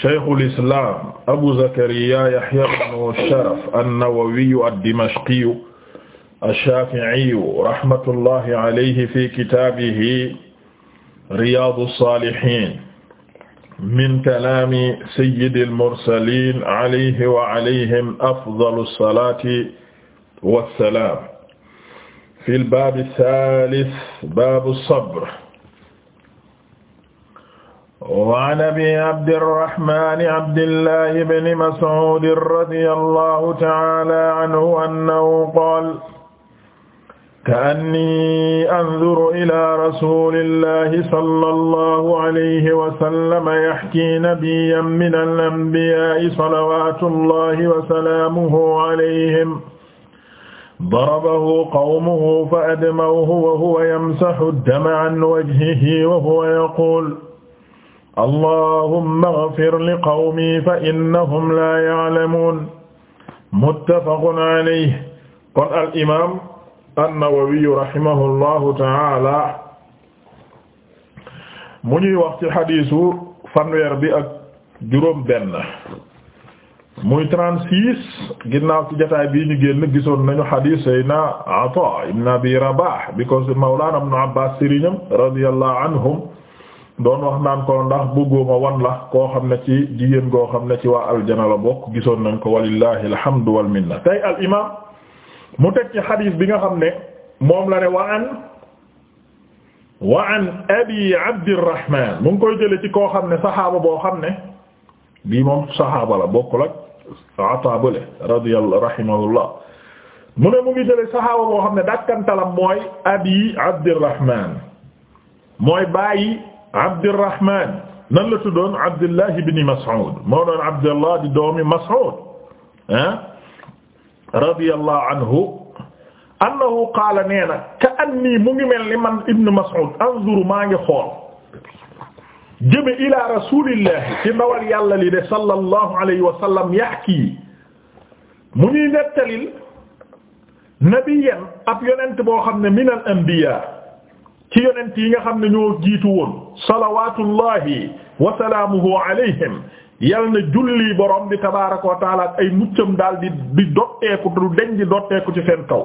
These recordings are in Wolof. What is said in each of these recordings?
shaykhul islam abu zakariya yahya ibnu sharaf an-nawawiyu ad-dimashqiyu ash-shafi'iyu rahmatullahi alayhi fi kitaabihi riyaadu saalihiin min kalaami sayyidil mursaliin alayhi wa alayhim afdalu salaati wa salaam fil baabi saalis baabu sabr waan abi abdirrahmani abdillahi bni mas'uudin radiya allahu ta'aala anhu annahu qaala ka'annii anzuru ilaa rasuulillahi sallallahu alayhi wa sallam yahkii nabiyyan minal anbiyaa'i salawaatullahi wa salaamuhu alayhim darabahu qawmuhu fa admawhu wa huwa yamsahu ad-dama an wajhihi wa huwa yaquulu allahumma ighfir li qawmi fa innahum laa ya'lamuun muttafaqun alayhi kon al imaam an-Nawawi rahimahullahu ta'ala mu ñuy wax ci xadiisu fanweer bi ak juróom benn muy trente-six ginnaaw ci jotaay bii ñu génn gisoon nañu xadiis sayna Ataa ibn Abi Rabaah bi ko mawlaana ibn Abbaas sëriñam radiyallahu anhum doon wax naan ko ndax bëgguma wan la koo xam ne ci jigéen goo xam ne ci waa aljana la bokk gisoon nañ ko walillahi alhamdu wal minna tey al imaam mu teg ci xadiis bi nga xam ne moom la ne wa an wa an abi abdirahman mu ngi koy jële ci koo xam ne saxaaba boo xam ne bii moom saxaaba la bokkul ak ata bale radiyallahu rahimahullah mu ne mu ngi jële saxaaba boo xam ne dakkantalam mooy abi abdirahman mooy bàyyi Abdurrahman nan la tuddoon Abdullah ibn Mas'ud moo doon Abdullah di doomi Mas'ud ah radiyallahu anhu annahu qaala nee na ka anni mu ngi mel ni man ibn Mas'ud anzuru maa ngi xool jëme ila rasulillah ci ndawal yàlla li de sallallahu alayhi wa sallam yahki mu ñuy nettalil nabiyan ab yonent boo xam ne min al anbiya ci yonent yi nga xam ne ñoo jiitu woon salawatullahi wa salaamuhu alayhim yal na julli borom bi tabaaraka wa taala ak ay muccam daal di di dotteeku du deñ dotteeku ci seen kaw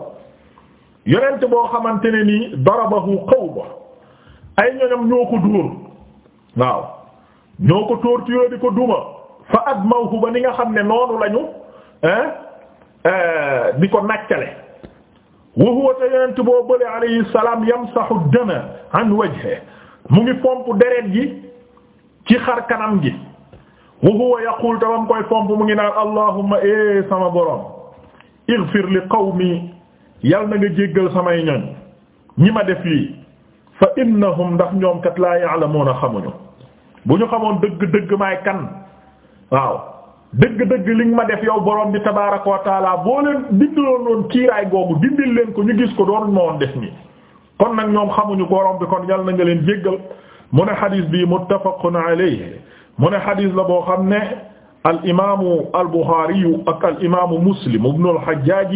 yonent boo xamante ne nii darabahu qawma ay ñoñam ñoo ko dóor waaw ñoo ko torturé di ko duma fa admawhu ba ni nga xam ne noonu lañu eh, di ko nàccale wa huwa te yonent boo bële alayhi salaam yamsahu dama an wajhi mu ngi pomp deret gi ci xar kanam gi wa huwa yaqul tamam koy pomp mu ngi naan allahumma eh sama borom ighfir li qawmi yal na nga jéggal samay ñoñ ñi ma def lii fa innahum ndax ñoom kat laa ya'lamuuna xamuñu bu ñu xamoon dëgg dëgg maay kan waaw. dëgg-dëgg li nga ma def yow borom bi tabaaraka wa taala boo leen dindiloon noonu kiiraay googu dindil leen ko ñu gis ko doon ma woon def nii kon nag ñoom xamuñu borom bi kon yal na nga leen jéggal mu ne xadis bi muttafaqun alayhi mu ne xadis la boo xam ne al imaamu al buxaari ak al imaamu muslim ibnu al xajjaaj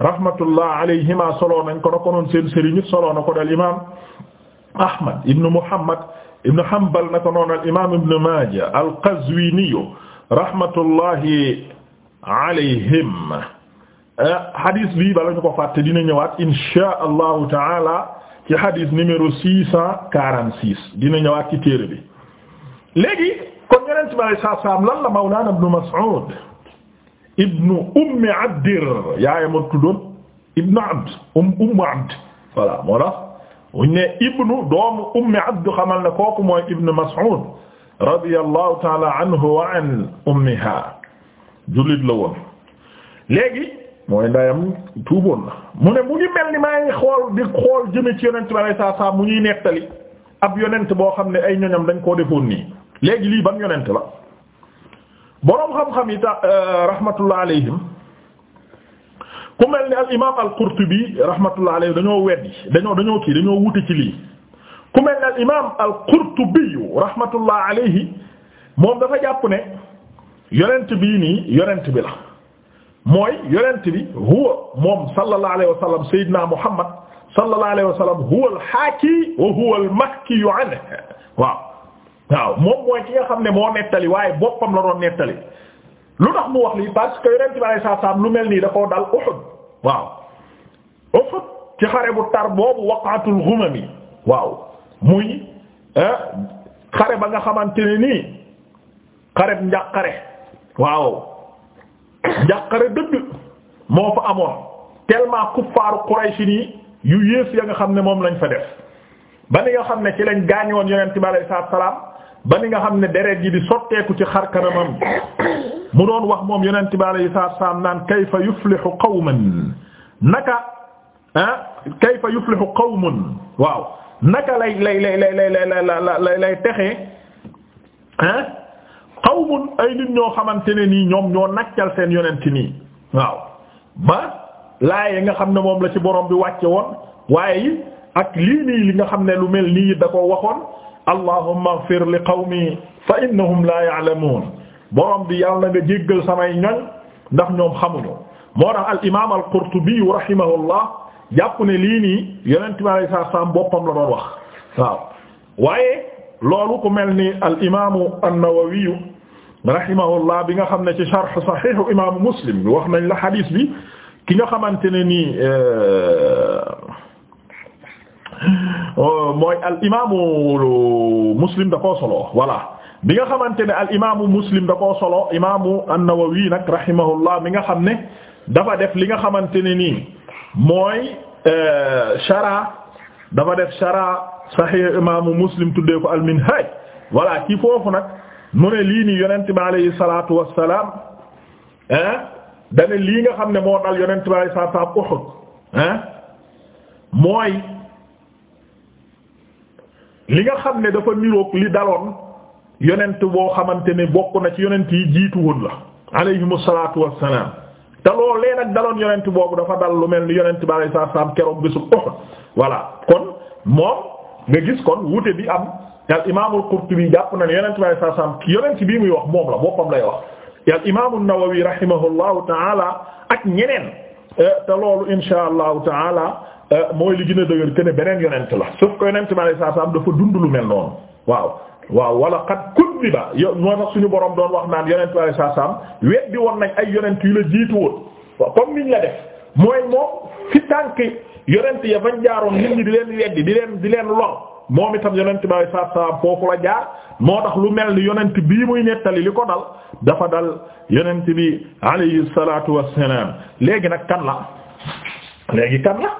rahmatullah alayhima solo nañ ko na ko noon seen sëriñ solo na ko dal imaam ahmad ibnu muhammad ibnu hanbal na ko noon al imaam ibnu maaja al qazwiini rahmatullahi alayhim eh, hadis bi bala ñu ko fàtte dina ñëwaat insha allahu taala ci hadis numéro six cent dina ñëwaat ci téere bi léegi kon yonent bi alayhi salaatu salaam lan la mawlaana ibnu Mas'ud ibnu ummi abdir yaaya ma tuddoon abd um abd voilà moo tax ne ibnu doomu ummi abd xamal ne kooku mooy ibnu radiyallahu taala anhu wa an ummiha jullit la woon léegi mooy ndayam tuuboon na mu ne mu ngi mel ni maa ngi xool di xool jëme ci yonent bi alayhi salaam mu ñuy nettali ab yonent boo xam ne ay ñoñam dañ koo defoon nii léegi lii bam yonent la boroom xam-xam yi ta euh, rahmatullah alayhim ku mel ni al imaam al qurtubi rahmatullah alayhi dañoo weddi dañoo dañoo kii dañoo wute ci lii ku mel ne al imaam al qurtubi rahmatullah alayhi moom dafa jàpp ne yonent bii nii yonent bi la mooy yonent bi huwa moom sallallahu alayhi wa sallam sayyidina muhammad sallallahu alayhi wa sallam huwa al haaki wa huwa al mahki anhu waaw waaw moom mooy ki nga xam ne moo nettali waaye boppam la doon nettali lu tax mu wax lii parce que yonent bi alayhi salaam lu mel nii da koo dal Uhud waaw Uhud ci xare bu tar boobu waqatul ghumam waaw muy eh, xare ba nga xamante ne nii xareb njàqare waaw njàqare dëgg moo fa amoon tellement kuffaaru Quraysh nii yu yées ya nga xam ne moom lañ fa def ba ni nga xam ne ci lañ gaañoon yonent bi alayhi salaatu salaam ba ni nga xam ne deret ji di sotteeku ci xar kanamam mu doon wax moom yonent bi alayhi salaatu salaam naan kayfa yuflihu qawman naka ah kayfa yuflihu qawmun waaw naka lay lay lay lay lay lay lay texee ah xawmun ay nit ñoo xamante ne nii ñoom ñoo naccal seen yonent nii waaw ba laaye nga xam ne moom la ci borom bi wàcce woon waaye it ak lii nii li nga xam ne lu mel nii da ko waxoon allahumma ighfir li qawmi fa innahum la ya'lamun borom bi yàlla na nga jéggal samay ñoñ ndax ñoom xamuñu moo tax al imaam al qurtubi rahimahullah jàpp ne lii nii yonent bi alayhi boppam la doon wax waaw waaye loolu ku mel ni al imaamu an-Nawawi rahimahullah bi nga xam ne ci sharh sahihu imaamu Muslim bi wax nañ la hadith bi ki nga xamante ne nii euh, mooy al imaamu Muslim da koo solo voilà. bi nga xamante ne al imaamu muslim da koo solo imaamu an-Nawawi nga xam ne dafa def li nga xamante ne nii mooy euh, shara dafa def shara sahih imaamu muslim tuddee ko al-minhaj voilà ci foofu nag mu ne lii nii yonent bi alayhi salaatu wassalaam ah da lii nga xam ne moo dal yonent bi alayhi salaatu wassalaam Uhud ah mooy li nga xam ne dafa niroog li daloon yonent boo xamante ne bokk na ci yonent yi jiitu woon la alayhimu salaatu wassalaam te loolu lee nag daloon yonent boobu dafa dal lu mel ni yonent bi alayhi salaam keroog bisu Uhud kon moom nga gis kon wute bi am al imaamul bi jàpp na ne yonent bi alayhi salaam yonent bii muy wax moom la boppam lay wax. al imaamu Nawawi rahimahullahu taala ak ñeneen eh, te loolu insha allahu taala eh, mooy li gën a dëgër que beneen yonent la sauf que yonent bi alayhi salaam dafa dund lu mel noonu waaw waaw wala qad kuddi ba yo moo tax suñu borom doon wax naan yonent waaye saa saam weddi woon nañ ay yonent yu la jiitu woon comme niñ la def mooy moom ya fañ jaaroon nit ñi di leen di leen di leen lor moom itam yonent bi alayhi salaatu salaam foofu la jaar lu mel ni yonent bii muy nettali li ko dal dafa dal yonent bi alayhi salaatu wassalaam léegi nag kan la léegi kan la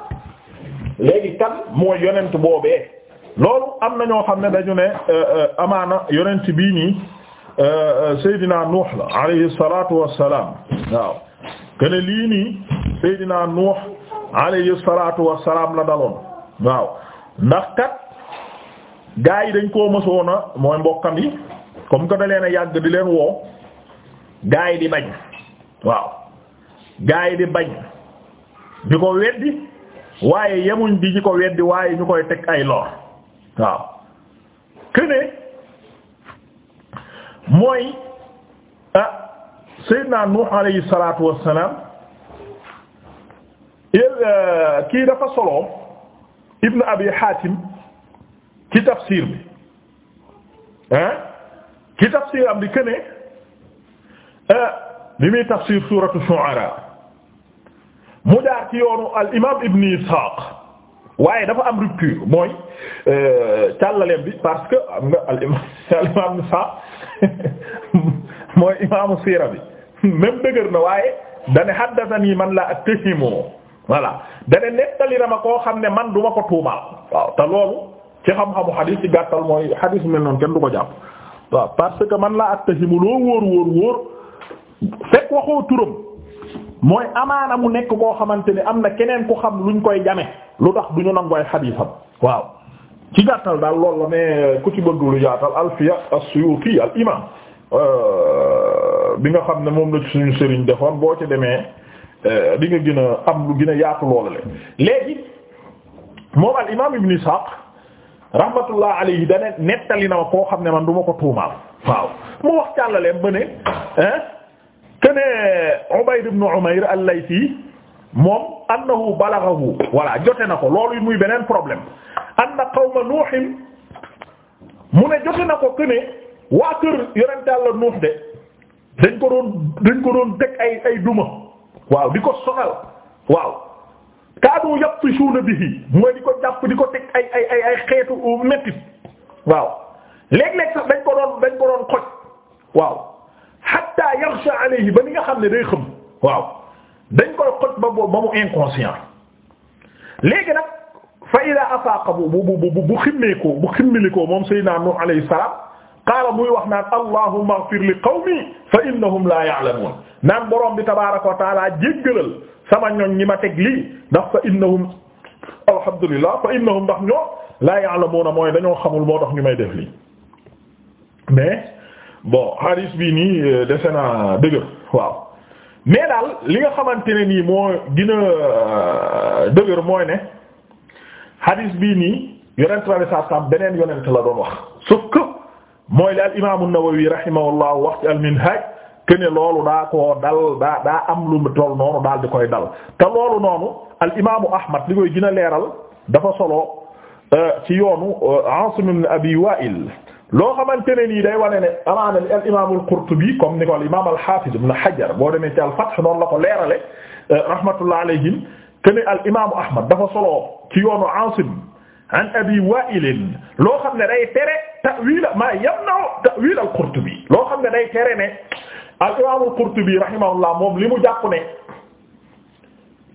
léegi kan mooy yonent boobee loolu am na ñoo xam ne dañu ne euh, euh, amaana yonent bii nii euh, Seydina Nuux la alayhi salaatu wassalaam waaw kene lii nii Seydina Nuux alayhi salaatu wassalaam la daloon waaw ndax kat gaa yi dañ koo mësoon a mooy mbokkam yi comme que da leen yàgg di leen woo gaa yi di bañ waaw gaa yi di bañ di ko weddi waaye yemuñ di ñi ko weddi waaye ñu koy teg ay lor waaw kënee mooy ah Seydina Nuux alayhi salaatu wassalaam euh, kii dafa solo Ibn Abi Hatim ci tafsir bi ah ci tafsir am di kënee bi muy tafsir suuratu Shu'ara mu jaar ci yoonu al imaam Ibn Ishaq waaye dafa am rupture mooy euh, càllaleem bi parce que am nga al imam sa mooy imaamu siira bi même dëgër na waaye dane haddathani man la attahimu voilà dane nettali na ma koo xam ne man duma ko tuumaal waaw te loolu ci xam-xamu xadiis ci gàttal mooy xadiis mel noonu kenn du ko jàpp waaw parce que man la attahimu loo wóor wóor wóor fekk waxoo turam mooy amaana mu nekk boo xamante ne am na keneen ku xam luñ koy jame lu tax du ñu nangooy xadiisam waaw ci gàttal daal loolu la mais ku ci bëgg lu yaatal alfiya as-Suyuti al euh, bi nga xam ne moom la ci suñu sëriñ defoon boo ci demee euh, di nga gën a am lu gën a yaatu loolale léegi moom al imam ibn Ishaq rahmatullah alayhi dane nettali na ma koo xam ne man du ko tuumaal waaw mu wax càllaleem ba ne kene Ubayd ibn Umayr al-Laythi moom annahu balaghahu voilà jote na ko loolu muy beneen problème anna qawma Nuuhin mu ne jote na ko kene waa kër yonent Yàlla Nuuh de dañ ko doon dañ ko doon teg ay ay duma waaw di ko soxal waaw kaadu yabtishuuna bihi mooy di ko jàpp di ko teg ay ay ay ay xeetu méttit waaw léeg-léeg dañ ko doon dañ ko doon xoj waaw hatta yaghsha alayhi ba ni nga xam ne day xëm waaw dañ koy xoj ba boobu ba mu inconscient léegi nag fa ida afaaqa bu bu bu bu ximmeekoo bu ximmilikoo moom sayyidina Nuh alayhi salaam qaala muy wax naan allahumma ighfir li qawmi fa innahum la ya'lamun naan borom bi tabaaraka wa taala jéggalal sama ñoñ ñi ma teg lii ndax fa innahum alhamdulillah fa innahum ndax ñoo la ya'lamuna mooy dañoo xamul moo tax ñu may def lii mais bo hadis bi nii euh, dese na dëgër waaw mais daal li nga xamante ne nii moo gën a euh, dëgër mooy ne hadis bii nii yonent la saa saam beneen yonent la doon wax sauf que mooy li al imaamu Nawawi rahimahullah wax al minhaj que ne loolu daa koo dal daa daa am lu mu toll noonu daal di koy dal te loolu noonu al imaamu Ahmad li koy gën leeral dafa solo euh, ci yoonu Asim ibn Abi Wa'il loo xamante ne nii day wane ne amaana li al imaam al Qurtubi comme ni ko al imaam al Haafiz ibn Hajar boo demee ci al Fath noonu la ko leerale euh, rahmatullah alayhim que ne al imaamu Ahmad dafa solo ci yoonu Aasim an Abi Waa'il loo xam ne day tere ta'wiil maa yamna'u ta'wiil al Qurtubi loo xam ne day tere ne al imaam al Qurtubi rahimahullah moom li mu jàpp ne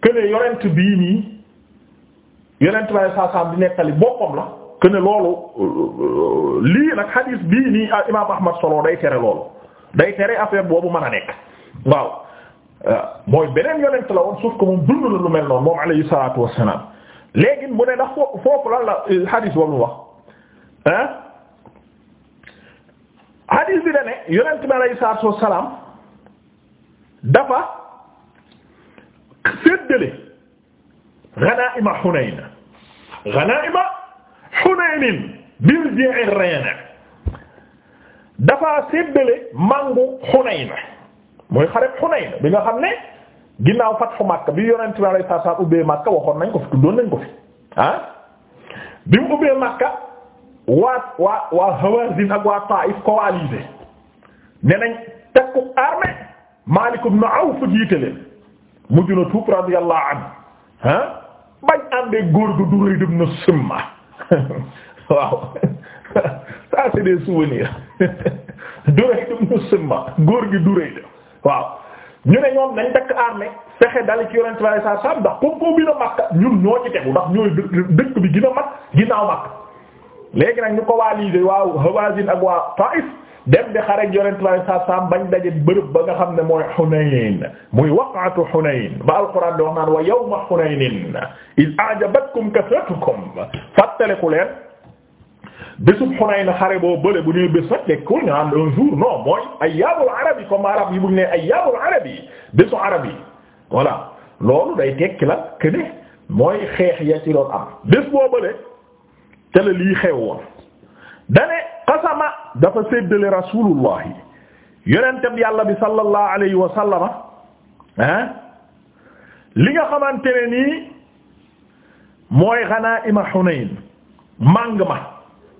que ne yonent bii nii yonent bi sallallahu alayhi wa sallam di nettali boppam la. que ne loolu lii nag hadith bii nii ah imaam Ahmad solo day tere loolu day tere affaire boobu mën a nekk ah, mooy beneen yonent la woon sauf que moom dund la lu mel noonu moom alayhi salaatu wassalaam léegi mu ne ndax foofu lan la hadith eh, boobu wax ah. hadith bi Hunayn bil Ji'rana dafa séddale mangu Hunayn mooy xareb Hunayn bi nga xam ne ginnaaw fatxu Makka bi Yonent bi alayhi salaatu salaam ubbee Makka ah. bi mu ubbee waa waa waa ak waa Taif coalisé ne nañ takku armée Maalik ibn Awf jiite leen mujj na tuub radiyallahu anhu ah bañ àndee góor gu du simma waaw ça c'est des souvenirs Durayd ibn Simma góor gi Durayd waaw ñu ne ñoom nañ takk armée fexe dali ci yonent bi saa saam ndax comme koo gën a Makka ñun ñoo ci tegu ndax ñooy dëkk bi gën a mag ginnaaw Makka léegi nag ñu ko waa waaw Hawazin ak waa Taif dem di xareek yonent lay saa saam bërëb ba nga xam ne mooy Hunayn muy waqaatu Hunayn ba alquran di wax naan wa yawma Hunaynin iz a'jabatkum kasratukum fàttaliku leen bésub Hunayn xare boo bële bu ñuy bés nag mooy ayyaamul arab yi comme arab yi bu ñu nee ayyaamul arab yi bésu arab yi voilà loolu day tekki la que mooy xeex ya ci doon am bés boo bële te qasama dafa séddale rasulullah yonentam yàlla bi sallallahu alayhi wa sallama li nga xamante ne nii mooy ghanaima Hunayn màng ma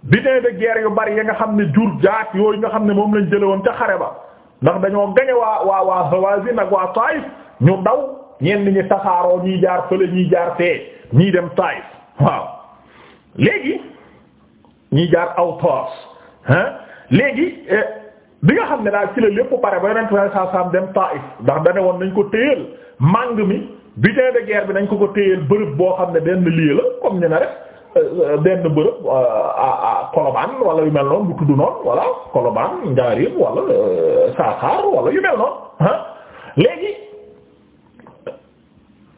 butin de guerre yu bari ya nga xam ne jur jaat yooyu nga xam ne moom lañ jële woon ca xare ba ndax dañoo gañe waa waa waa Hawazin ak waa Taif ñu daw ñenn ñi tasaaroo ñii jaar fële ñii jaar fee ñii dem Taif waaw léegi ñii jaar Awtas léegi euh, bi nga xam ne daal ci la lépp pare ba yonent bi saa saam dem Taif ndax dane woon nañ ko téyeel màng mi butin de guerre bi nañ ko ko téyeel bërëb boo xam ne benn lii la comme ñu ne rek euh, benn bërëb euh, à Colobane wala yu mel noonu bu tudd noonu voilà Colobane Njaarim wala Saxaar wala yu mel noonu ah léegi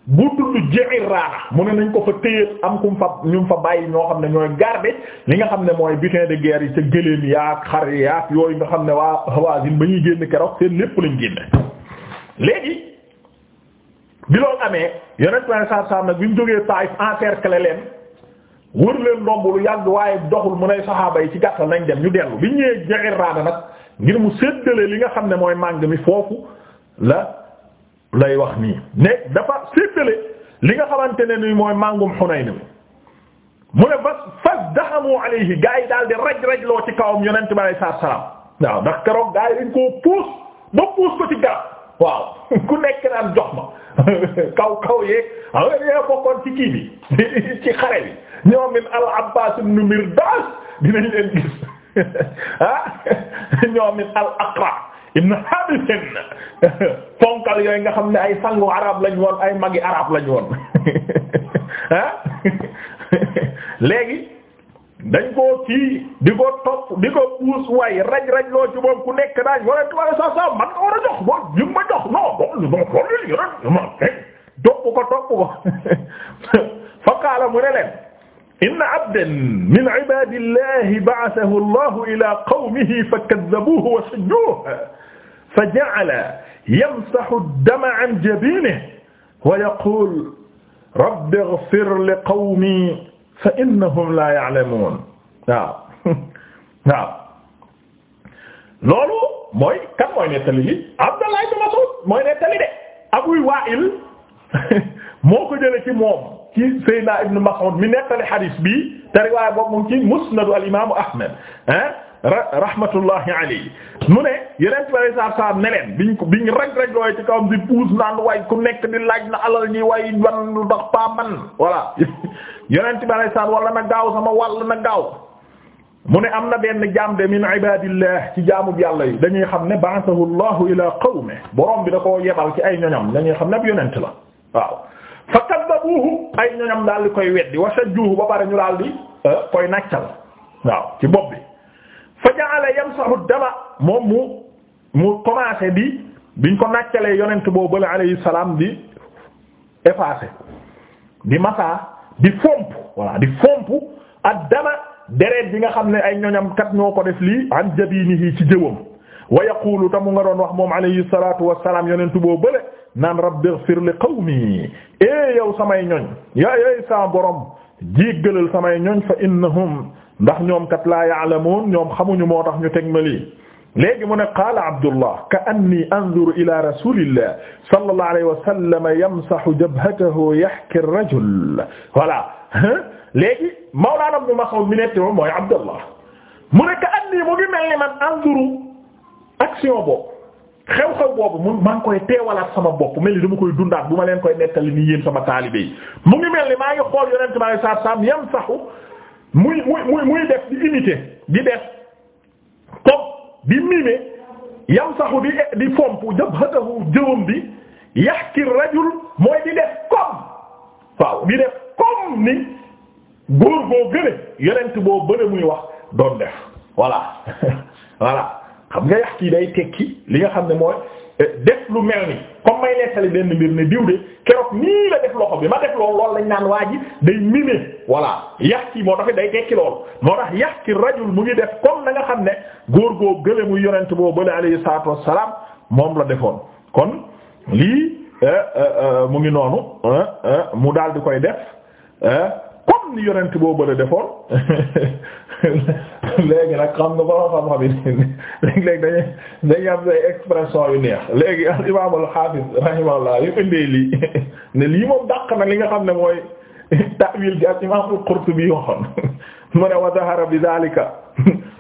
bu tudd Ji'irraana mu ne nañ ko fa téye am kum fa ñu fa bàyyi ñoo xam ne ñooy garder li nga xam ne mooy butin de ger yi ca gëléem yaak xar yaak yooyu nga xam ne waa Hawaazin ba ñuy génn keroog seen lépp lañ génne léegi bi loolu amee yonent bi saa saa nag bi ñu jógee Taayif encercler leen wër leen ndomb lu yàgg waaye doxul mu ne saxaaba yi ci gàttal nañ dem ñu dellu bi ñëwee Ji'irraana nag ngir mu séddale li nga xam ne mooy màng mi foofu la. lay wax nii ne dafa séddale li nga xamante ne ni mooy màngum Hunayn mu ne fas fas daxamu alayhi gaa daal di raj raj loo ci kawam yonent bi alayhi salaatu salaam waaw ndax keroog gaa yi dañ koo puus ba ko ci waaw ku nekk naan jox ma kaw kaw yeeg xam nga dañoo bokkoon ci kii bi ci xare bi ñoom min al Abbaas ibn Mirdaas dinañ leen gis ah ñoom min al Aqra. ibn Habisin fonkal yooyu nga xam ne ay sangu arab lañ woon ay magi arab lañ woon ah dañ koo kii di ko top di ko puus waay raj raj loo ci moom ku nekk daañ wala tubaab sa sa man nga war a jox jox non bon bon loolu yëpp yëpp ma fekk ko topp ko faqaala mu ne leen. inna abdan min ibaadillahi ba'athahu Allahu ila qawmihi fakadhabuhu wa shajjuhu fa ja'ala yamsahu dama an jabiinihi wa yaqulu rabbi ighfir li qawmi fa innahum laa ya'lamuun waaw waaw loolu mooy kan mooy nettali li Abdallah ibn Mas'ud mooy nettali de Abu Wa'il moo ko jëlee ci moom ci Seydina Ibn Mas'ud mi nettali hadiis bi te riwaaya boobu moom ci musnadu al imaamu Ahmad ah rahmatullahi alayhi mu ne yeneen tubaab saaf saaf ne leen biñ ko biñ raj raj looy ci kawam di puus naan way ku nekk di laaj na alal ñi way ban lu dox paa man voilà yeneen tubaab saaf wala na gaaw sama wàll na gaaw. mu ne am na benn jaam de min ibadillah ci jaamu yàlla yi dañuy xam ne ba'athahu Allahu ila qawmi borom bi da koo yebal ci ay ñoñam dañuy xam ne ab yonent la waaw. fa kaddabuhu ay ñoñam daal di koy weddi wa sajjuhu ba pare ñu daal di eh, koy nàccal waaw ci bopp bi fa ja'ala yamsahu dama moom mu mu bi di biñ ko nàccalee yonent boobu la alayhi salaam di effacé di massa di fomp voilà di fomp ak dama deret bi nga xam ne ay ñoñam kat ñoo ko def lii an jabinihi ci jëwam wa yaqulu ta mu doon wax moom alayhi salatu wasalaam yonentu boo bële naan rabbighfir li qawmi e yow samay ñoñ ya ey sa borom jéggalal samay ñoñ fa innahum ndax ñoom kat laa ya'lamuun ñoom xamuñu moo tax ñu teg ma lii léegi mu ne qaala Abdullah ka anni anzuru ila rasulillah sallallahu alayhi wa sallam yamsahu jabhatahu yahki ar-rajul voilà léegi Mawlaana Ibn Mas'ud mi netti mooy Abdullah mu ne ka anni man anzuru action boobu xew-xew boobu mu maa ngi koy teewalaat sama bopp mel ni dama koy dundaat bu ma leen koy nettali nii yéen sama taalibe yi mu ngi mel ni maa ngi xool yonent bi alayhi salaatu salaam yam saxu muy muy muy def di imiter di def comme di mimer yam saxu di di fomp jabhatahu jëwam bi yahki rajul mooy di def comme waaw di def comme ni góor boo gëne yonent boo bëre wax doon def voilà voilà. xam nga yax kii day tekki li nga xam ne mooy eh, def lu mel ni comme may nettali benn mbir ne diw de keroog nii la def loxo bi ma def loolu loolu lañ naan waa ji day mime voilà yax ki moo tax day tekki loolu moo tax yax ki rajul mu ngi def comme na nga xam ne góor goo gële muy yonent boo bële alayhi salaatu salaam moom la defoon kon lii eh, eh, mu ngi noonu mu daal di koy def comme ni yonent boo bële defoon léegi nag xam nga borom xam-xam yi léegi dañuy dañuy am ay expression yu neex léegi al imaam al hafiz rahimahullah yu indee lii ne lii moom dàq na li nga xam ne mooy ta'wil gi al imaam al qurtubi waxoon mu ne wa zahara bi zalika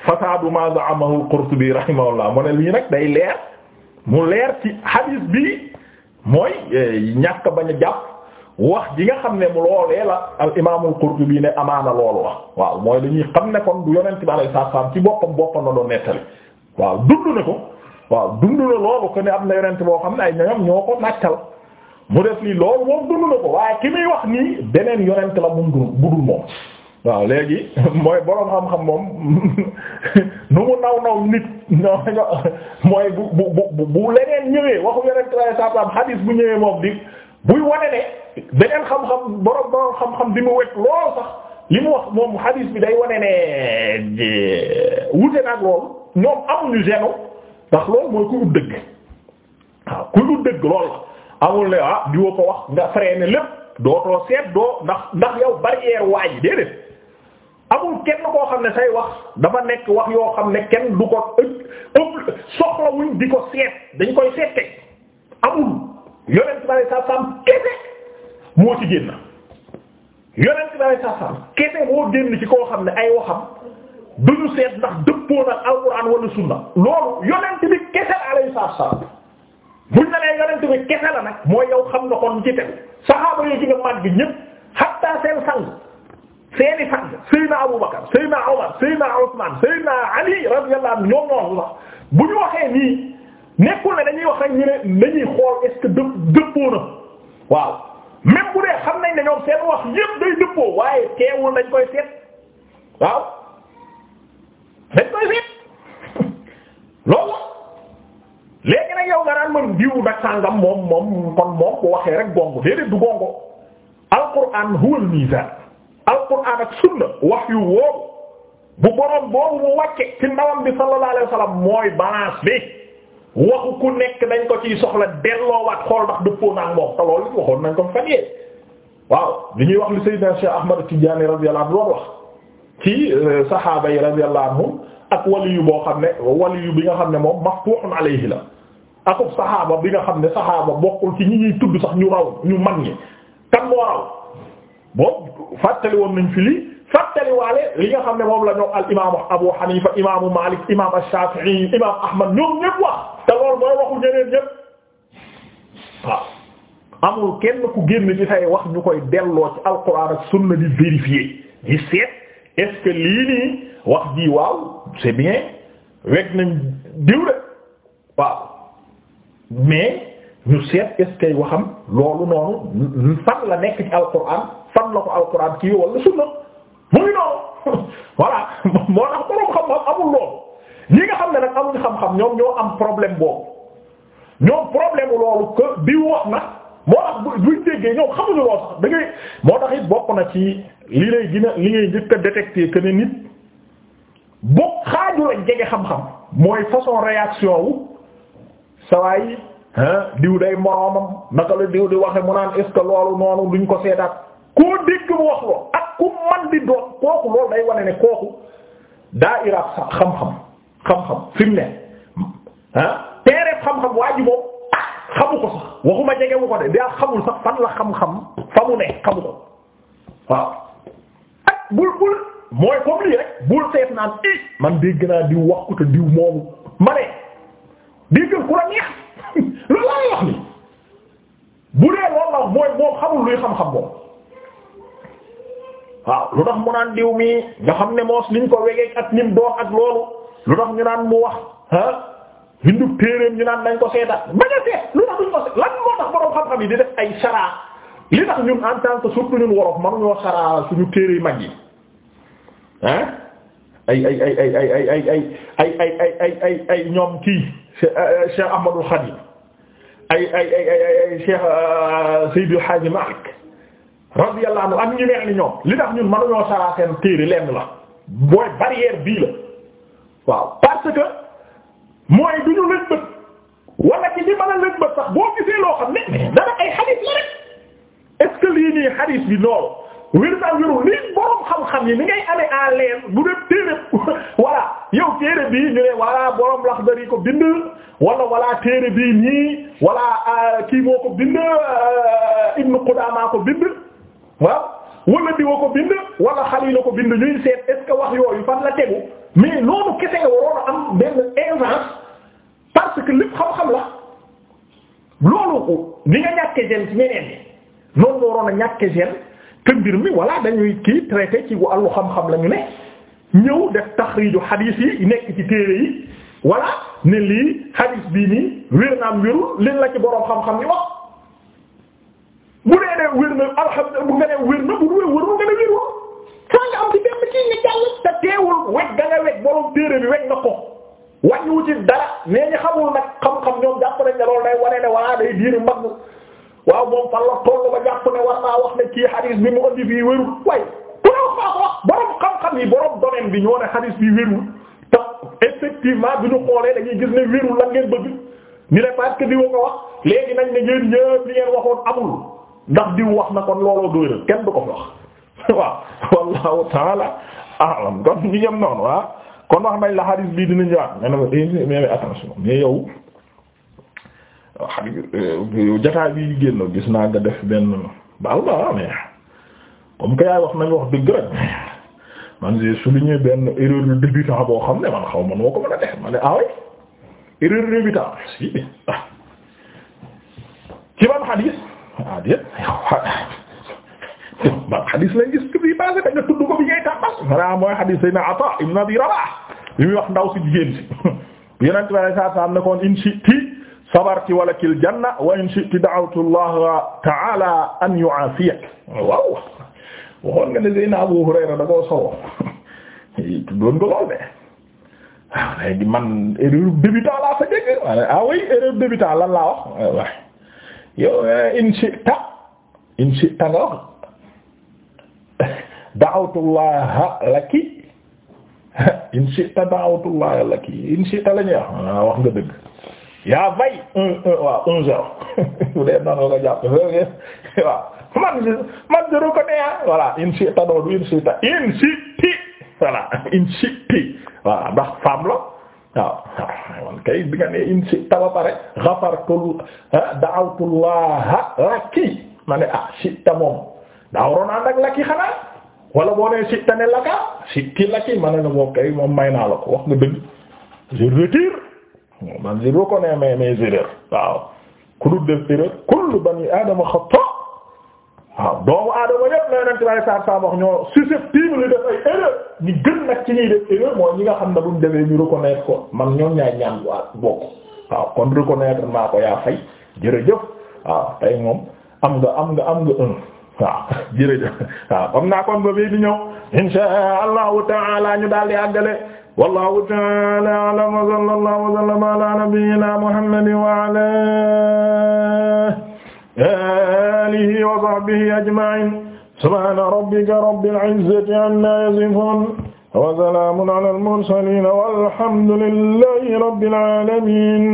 fasaadu ma za'amahu al qurtubi rahimahullah mu ne lii nag day leer mu leer ci hadith bi mooy ñàkk bañ a jàpp wax ji nga xam ne mu loolee la al imaamul Qurtubi ne amaana loolu wax waaw mooy dañuy xam ne kon du yonent bi alayhi salaam ci boppam boppam la doon nettali waaw dund na ko waaw dund na loolu ko ne am na yonent boo xam ne ay ñoom ñoo ko nàccal mu def lii loolu moom dund na ko waaye ki muy wax nii beneen yonent la mu dul budul moom. waaw léegi mooy boroom xam-xam moom nu mu naw naw nit mooy bu bu bu bu leneen ñëwee waxu yonent bi alayhi salaam buy wane ne beneen xam-xam borom borom xam-xam bi mu wet lool sax li mu wax moom hadis bi day wane ne wute nag loolu ñoom amuñu geno ndax loolu mooy ku ut dëgg waaw ku ut dëgg lool amul ne ah di ko wax nga freiné lépp dootoo seet doo ndax ndax yow barrière waa ji déedéet amul kenn koo xam ne say wax dafa nekk wax yoo xam ne kenn du ko soxla wuñ di ko seet dañ koy seet amul. yonent bi saa saam kese moo ci génn yonent bi saa saam kese moo génn ci koo xam ne ay waxam duñu seet ndax dëppoo nag alxuraan wala sunna loolu yonent bi kese la alayhi salaam buñ na lee yonent bi kese la nag mooy yow xam nga kon ci tegu saxaaba yi gën a màgg ñépp hatta seen sang seeni sang Seydina Abu Bakar Seydina Omar Seydina Usmaan Seydina Ali radiyallahu anhu bu ñu waxee nii. nekkul ne dañuy wax rek ñu ne dañuy xool est dëppoo na waaw même bu dee xam nañ ne wax yépp day dëppoo waaye teewul dañ koy seet waaw dañ koy loolu léegi nag yow nga naan man diw nag sàngam moom moom kon moom bu waxee rek gongo déedéet du gongo alquran huwal mizan alquran ak sunna wax yu woobu bu borom boobu mu wàcce bi sallallahu alayhi wasallam mooy balance bi waxu ku nekk dañ ko ciy soxla delloowaat xool ndax dëppoo naa moom te loolu li waxoon nañ waaw li ñuy wax li Seydina Cheikh Ahmad Tidiane radiyallahu anhu wax ci euh, saxaaba yi radiyallahu anhum ak waliyu boo xam ne bi nga xam ne moom maftuhun alayhi la akub saxaaba bi nga xam ne saxaaba bokkul ci ñi ñuy tudd sax ñu raw ñu mag ñi woon nañ fi lii fàttali li nga xam ne moom la ñoom al imaamu Abu Hanifa imaamu Malik imaamu Shafi'i imaamu Ahmad ñoom ñépp wax te loolu mooy waxu ñeneen ñépp waaw amul kenn ku génn ci say wax ñu koy delloo ci alquran ak sunna di vérifier di seet est lii nii wax ji waaw c'est bien wekk nañ diw waaw mais ñu seet est waxam loolu noonu fan la nekk ci alquran fan la ko alquran kii wala sunna muy noonu voilà moo tax borom xam-xam amul loolu. li nga xam ne nag amuñu xam-xam ñoom ñoo am problème boobu ñoom problème loolu que bi wax na moo tax buñ déggee ñoom xamuñu loolu sax da moo tax bokk na ci li lay gën a li ngay nit bokk xaaju la jege mooy façon réaction wu sawaay diw day moroomam naka la diw di waxe mu naan est ce loolu noonu duñ ko seetaat koo dégg mu wax loolu ak ku man di doon kooku loolu day wane ne kooku daa iraat xam-xam xam-xam fi mu ne ah teereef xam-xam waa xamu ko sax waxuma jegewu ko de daa xamul sax fan la xam-xam fa ne xamu ko waaw ak bul bul mooy comme lii rek bul seet naan i man dégg naa diw wax ko te diw moomu ma ne ku la neex loolu laa wax ni bu dee loolu la mooy moom xamul luy xam-xam moom waaw lu tax mu naan diw mi nga xam ne moos niñ ko wegeeg ak nim doon ak loolu lu tax ñu naan mu wax ah bindu téereem ñu naan dañ ko seetaat bañ a seet lu tax duñ ko seet lan moo tax borom xam-xam yi di def ay sara li tax ñun en tant que surtout ñun wolof mënuñoo sara suñu téere yi ah ay ay ay ay ay ay ñoom kii Cheikh Ahmadou Khadim ay ay ay ay Cheikh Seydou Hadji Malick radiyallahu anhu am ñu mel ni ñoom li tax ñun mënuñoo sara seen téere lenn la booy barrière bii la. waaw parce que mooy du ñu lëj bët wala ci li a lëj sax boo gisee loo xam ne dara ay xadis la rek est lii nii xadis bi loolu wér na wérul lii borom xam-xam yi ni ngay amee en l'air bu dee téere voilà yow téere bii ñu ne voilà borom Laxdari ko bind wala wala téere bii nii wala euh, kii ko bind euh, Ibnu Qudaama ko bind waaw wala diwa ko bind wala Xaliil ko bind ñuy seet est wax yooyu fan la tegu. mais noonu kese nga waroon am benn instance parce que lépp xam-xam la loolu ko ni nga ñàkkee gene ci ñeneen ñi noonu nga waroon a ñàkkee gene te mi voilà dañuy kii traité ci wàllu xam-xam la ñu ne ñëw def taxriiju xadiis yi nekk ci téere yi voilà ne lii xadiis bii nii wér na wérul leen la ci boroom xam-xam ni wax bu dee wér na alhamdulilah bu nga ne wér na bu dee wérul nga ne wérul faa nga am ci benn kii nga jàll te teewul weg ga téere bi weg na ko wàññiwu ci dara mais ñi xamul nag xam-xam ñoom jàpp nañ ne loolu day wane ne wala day diir mbagg waaw moom fan la toll ba jàpp ne war waaye ku ko wax borom xam-xam yi borom domaine bi ñoo ne xadiis bi wérul te effectivement bi ñu xoolee dañuy gis ne wérul lan ngeen bëgg ñu ne parce que ko wax léegi nañ ne ngeen ñëpp li waxoon amul ndax diw wax na ko looloo doy na kenn du ko wax. waaw wallahu taala a'lam kon ñu jëm noonu waaw kon wax nañ la xadis bii dina ñëwaat mais nag mais attention mais yow xadis euh, jotaay génn gis naa nga def benn baal ma ah, mais comme que yaay wax nañ wax dëgg rek man j'ai souligné benn erreur de boo xam ne man xaw ma noo ko mën a def ma ne ah oui ah. ci ban xadis ah ban xadis lañ gis bii passé da nga tudd ko bi ngay tàmbali. maanaam mooy xadis Seydina Ata ibn Abi Rabah li muy wax ndaw si jigéen si yonent bi sallallahu alayhi wa sallam ne kon in shi'ti sabarti wa lakil janna wa in shi'ti da'awtu Allah ta'ala an yu'afiyak waaw waxoon nga ne Seydina Abu Hurayra da koo solo tuddoon nga lool de waaw léegi man erreur débutant laa fa dégg ah oui erreur débutant lan laa wax waaye yow eh, in shi'ta in shi'ta nga wax. da'awtullaha laki in shi'ta da'awtullaha laki in shi'ta la ñuy wax ah, wax nga dëgg yaa vay un un waaw un zéro bu dee noonu la nga jàpp waaw man man zéro ko ne ah. voilà in shi'ta doo du in shi'ta in shi'ti voilà in shi'ti voilà ndax femme la waaw waaw kay bi nga ne in shi'ta ba pare ghafartu ah, da'awtullaha laki ma ne ah shi'ta moom daa waroon ànd ak laki xanaa wala boo nee sitta ne la ka sitti la ki ma la moom kay moom may naa la ko wax nga dëgg je retire man je reconnais mes mes erreurs waaw ku dul def erreur kullu bani aadama xata waaw doomu aadama yépp na yonent bi saa wax ñoo susceptible def ay erreur gën nag ci ñuy def erreur mooy ñi nga xam ne buñ defee ñu reconnaître ko man ñoom ñaay ñaan waa bokk waaw kon reconnaître naa ko yaa fay jërëjëf waaw tey moom am nga am nga am nga un waaw jërëjëf waaw xam naa kon ba bii di ñëw insha allahu taala ñu daal di àggale wallahu taala a'lam wa sallallahu wa sallama ala nabiyyina muhammadin wa ala alihi wa sahbihi ajma'in subhana rabbika rabbil izzati amma yasifun wa salamun ala al mursalin walhamdulillahi rabbil alamin